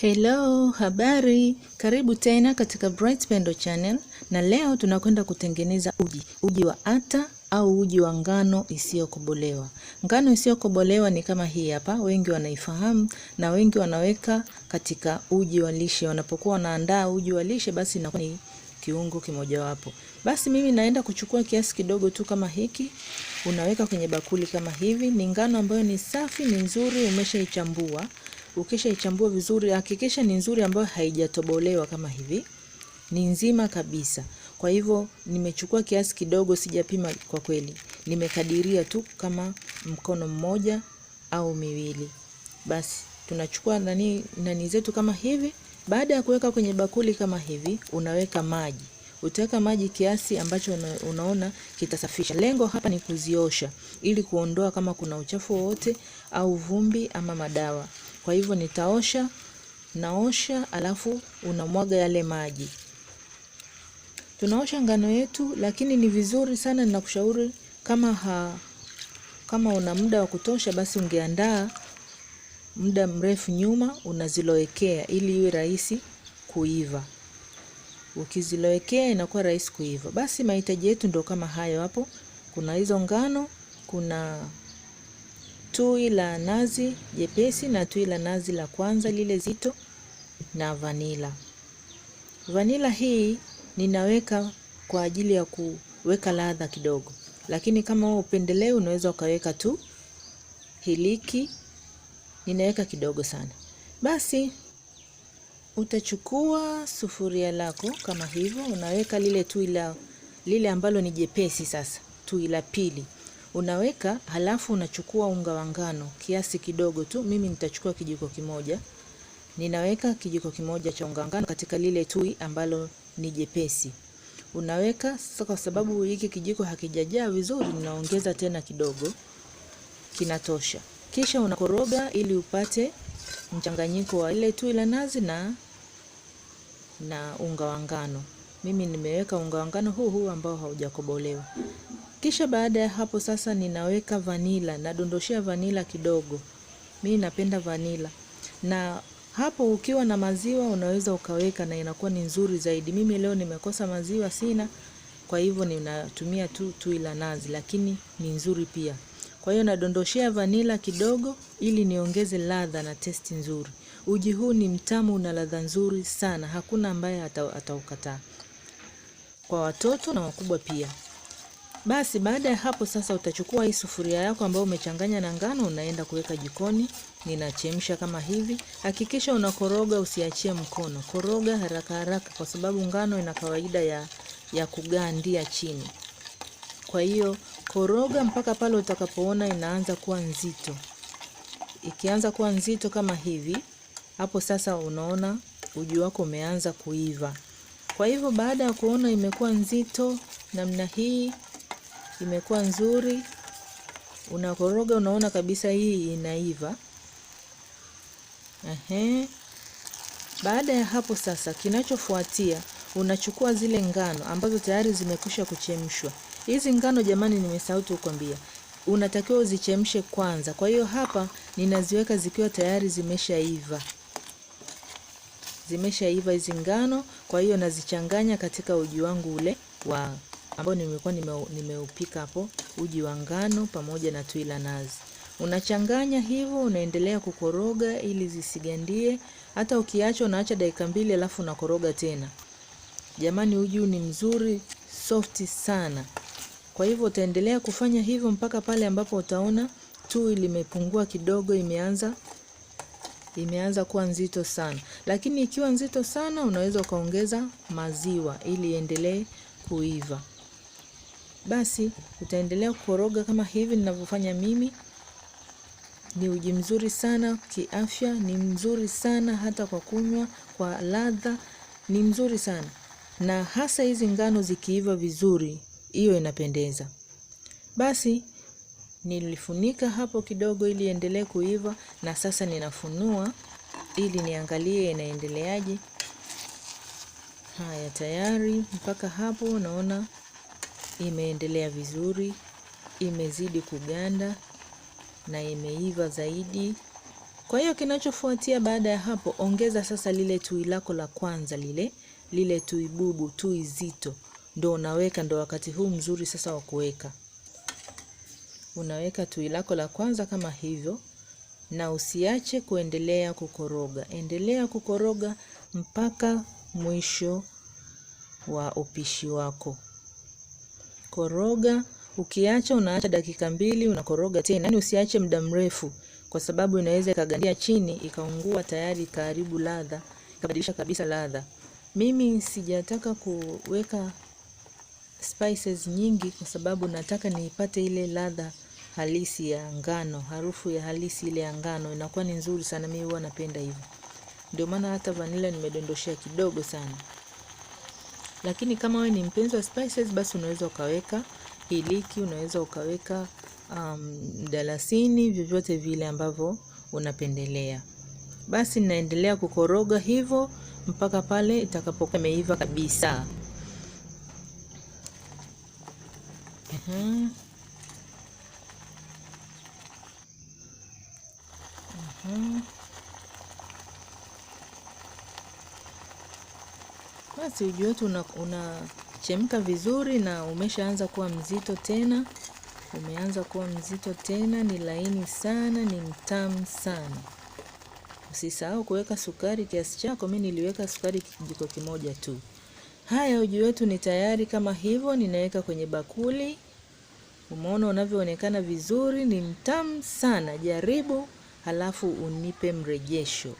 Hello, habari. Karibu tena katika Bright Pendo Channel na leo tunakwenda kutengeneza uji, uji wa ata au uji wa ngano isiyokobolewa. Ngano isiyokobolewa ni kama hii hapa, wengi wanaifahamu na wengi wanaweka katika uji wa lishe. Wanapokuwa wanaandaa uji wa lishe, basi inakuwa ni kiungo kimojawapo. Basi mimi naenda kuchukua kiasi kidogo tu kama hiki, unaweka kwenye bakuli kama hivi. Ni ngano ambayo ni safi, ni nzuri, umeshaichambua Ukishaichambua vizuri, hakikisha ni nzuri ambayo haijatobolewa kama hivi, ni nzima kabisa. Kwa hivyo nimechukua kiasi kidogo, sijapima kwa kweli, nimekadiria tu kama mkono mmoja au miwili. Basi tunachukua nani nani zetu kama hivi. Baada ya kuweka kwenye bakuli kama hivi, unaweka maji utaweka maji kiasi ambacho una, unaona kitasafisha. Lengo hapa ni kuziosha ili kuondoa kama kuna uchafu wowote au vumbi ama madawa. Kwa hivyo nitaosha, naosha alafu unamwaga yale maji. Tunaosha ngano yetu, lakini ni vizuri sana, ninakushauri kama ha, kama una muda wa kutosha, basi ungeandaa muda mrefu nyuma unazilowekea ili iwe rahisi kuiva. Ukizilowekea inakuwa rahisi kuiva. Basi mahitaji yetu ndio kama hayo hapo. Kuna hizo ngano, kuna tui la nazi jepesi na tui la nazi la kwanza lile zito na vanila. Vanila hii ninaweka kwa ajili ya kuweka ladha kidogo, lakini kama wewe upendelee, unaweza ukaweka tu hiliki. Ninaweka kidogo sana. Basi utachukua sufuria lako kama hivyo, unaweka lile tui la lile ambalo ni jepesi sasa, tui la pili unaweka, halafu unachukua unga wa ngano kiasi kidogo tu. Mimi nitachukua kijiko kimoja, ninaweka kijiko kimoja cha unga ngano katika lile tui ambalo ni jepesi. Unaweka sasa, kwa sababu hiki kijiko hakijajaa vizuri, ninaongeza tena kidogo, kinatosha. Kisha unakoroga ili upate mchanganyiko wa ile tui la nazi na na unga wa ngano. Mimi nimeweka unga wa ngano huu huu ambao haujakobolewa. Kisha baada ya hapo sasa ninaweka vanila, nadondoshea vanila kidogo. Mimi napenda vanila. Na hapo ukiwa na maziwa unaweza ukaweka na inakuwa ni nzuri zaidi. Mimi leo nimekosa maziwa sina, kwa hivyo ninatumia tu tui la nazi, lakini ni nzuri pia. Kwa hiyo nadondoshea vanila kidogo ili niongeze ladha na testi nzuri. Uji huu ni mtamu, na ladha nzuri sana, hakuna ambaye ataukataa, kwa watoto na wakubwa pia. Basi baada ya hapo sasa utachukua hii sufuria yako ambayo umechanganya na ngano, unaenda kuweka jikoni. Ninachemsha kama hivi. Hakikisha unakoroga, usiachie mkono, koroga haraka haraka, kwa sababu ngano ina kawaida ya, ya kugandia chini. Kwa hiyo koroga mpaka pale utakapoona inaanza kuwa nzito. Ikianza kuwa nzito kama hivi, hapo sasa unaona uji wako umeanza kuiva. Kwa hivyo baada ya kuona imekuwa nzito namna hii imekuwa nzuri. Unakoroga, unaona kabisa hii inaiva. Ehe. Baada ya hapo sasa, kinachofuatia unachukua zile ngano ambazo tayari zimekwisha kuchemshwa. Hizi ngano jamani, nimesahau tu kukwambia, unatakiwa uzichemshe kwanza. Kwa hiyo hapa ninaziweka zikiwa tayari zimeshaiva, zimeshaiva hizi ngano. Kwa hiyo nazichanganya katika uji wangu ule wa ambao nimekuwa nimeupika hapo, uji wa ngano pamoja na tui la nazi. Unachanganya hivyo, unaendelea kukoroga ili zisigandie. Hata ukiacha unaacha dakika mbili, alafu unakoroga tena. Jamani, uji ni mzuri, softi sana. Kwa hivyo utaendelea kufanya hivyo mpaka pale ambapo utaona tui limepungua kidogo, imeanza imeanza kuwa nzito sana. Lakini ikiwa nzito sana, unaweza ukaongeza maziwa ili iendelee kuiva basi utaendelea kukoroga kama hivi ninavyofanya mimi. Ni uji mzuri sana kiafya, ni mzuri sana hata kwa kunywa, kwa ladha ni mzuri sana, na hasa hizi ngano zikiiva vizuri, hiyo inapendeza. Basi nilifunika hapo kidogo ili endelee kuiva, na sasa ninafunua ili niangalie inaendeleaje. Haya, tayari mpaka hapo naona imeendelea vizuri, imezidi kuganda na imeiva zaidi. Kwa hiyo kinachofuatia baada ya hapo, ongeza sasa lile tui lako la kwanza lile lile tui bubu, tui zito, ndo unaweka, ndo wakati huu mzuri sasa wa kuweka. Unaweka tui lako la kwanza kama hivyo, na usiache kuendelea kukoroga, endelea kukoroga mpaka mwisho wa upishi wako unakoroga. Ukiacha unaacha dakika mbili, unakoroga tena, yaani usiache muda mrefu, kwa sababu inaweza ikagandia chini ikaungua, tayari ikaharibu ladha, ikabadilisha kabisa ladha. Mimi sijataka kuweka spices nyingi, kwa sababu nataka niipate ile ladha halisi ya ngano, harufu ya halisi ile ya ngano inakuwa ni nzuri sana. Mimi huwa napenda hivyo, ndio maana hata vanilla nimedondoshea kidogo sana lakini kama wewe ni mpenzi wa spices, basi unaweza ukaweka iliki, unaweza ukaweka um, mdalasini, um, vyovyote vile ambavyo unapendelea. Basi naendelea kukoroga hivyo mpaka pale itakapokuwa imeiva kabisa. siji wetu unachemka una vizuri na umeshaanza kuwa mzito tena, umeanza kuwa mzito tena, ni laini sana, ni mtamu sana. Usisahau kuweka sukari kiasi chako. Mimi niliweka sukari kijiko kimoja tu. Haya, uji wetu ni tayari kama hivyo, ninaweka kwenye bakuli. Umeona unavyoonekana vizuri, ni mtamu sana. Jaribu halafu unipe mrejesho.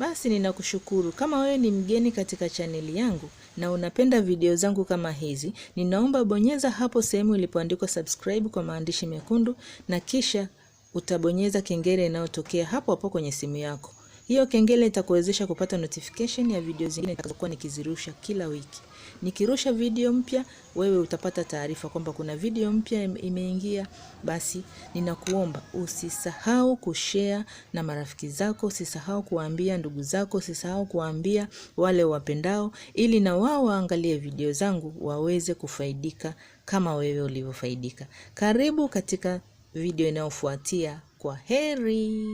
Basi ninakushukuru. Kama wewe ni mgeni katika chaneli yangu na unapenda video zangu kama hizi, ninaomba bonyeza hapo sehemu ilipoandikwa subscribe kwa maandishi mekundu na kisha utabonyeza kengele inayotokea hapo hapo kwenye simu yako. Hiyo kengele itakuwezesha kupata notification ya video zingine nitakazokuwa nikizirusha kila wiki. Nikirusha video mpya, wewe utapata taarifa kwamba kuna video mpya imeingia. Basi ninakuomba usisahau kushare na marafiki zako, usisahau kuwaambia ndugu zako, usisahau kuwaambia wale wapendao, ili na wao waangalie video zangu waweze kufaidika kama wewe ulivyofaidika. Karibu katika video inayofuatia. Kwa heri.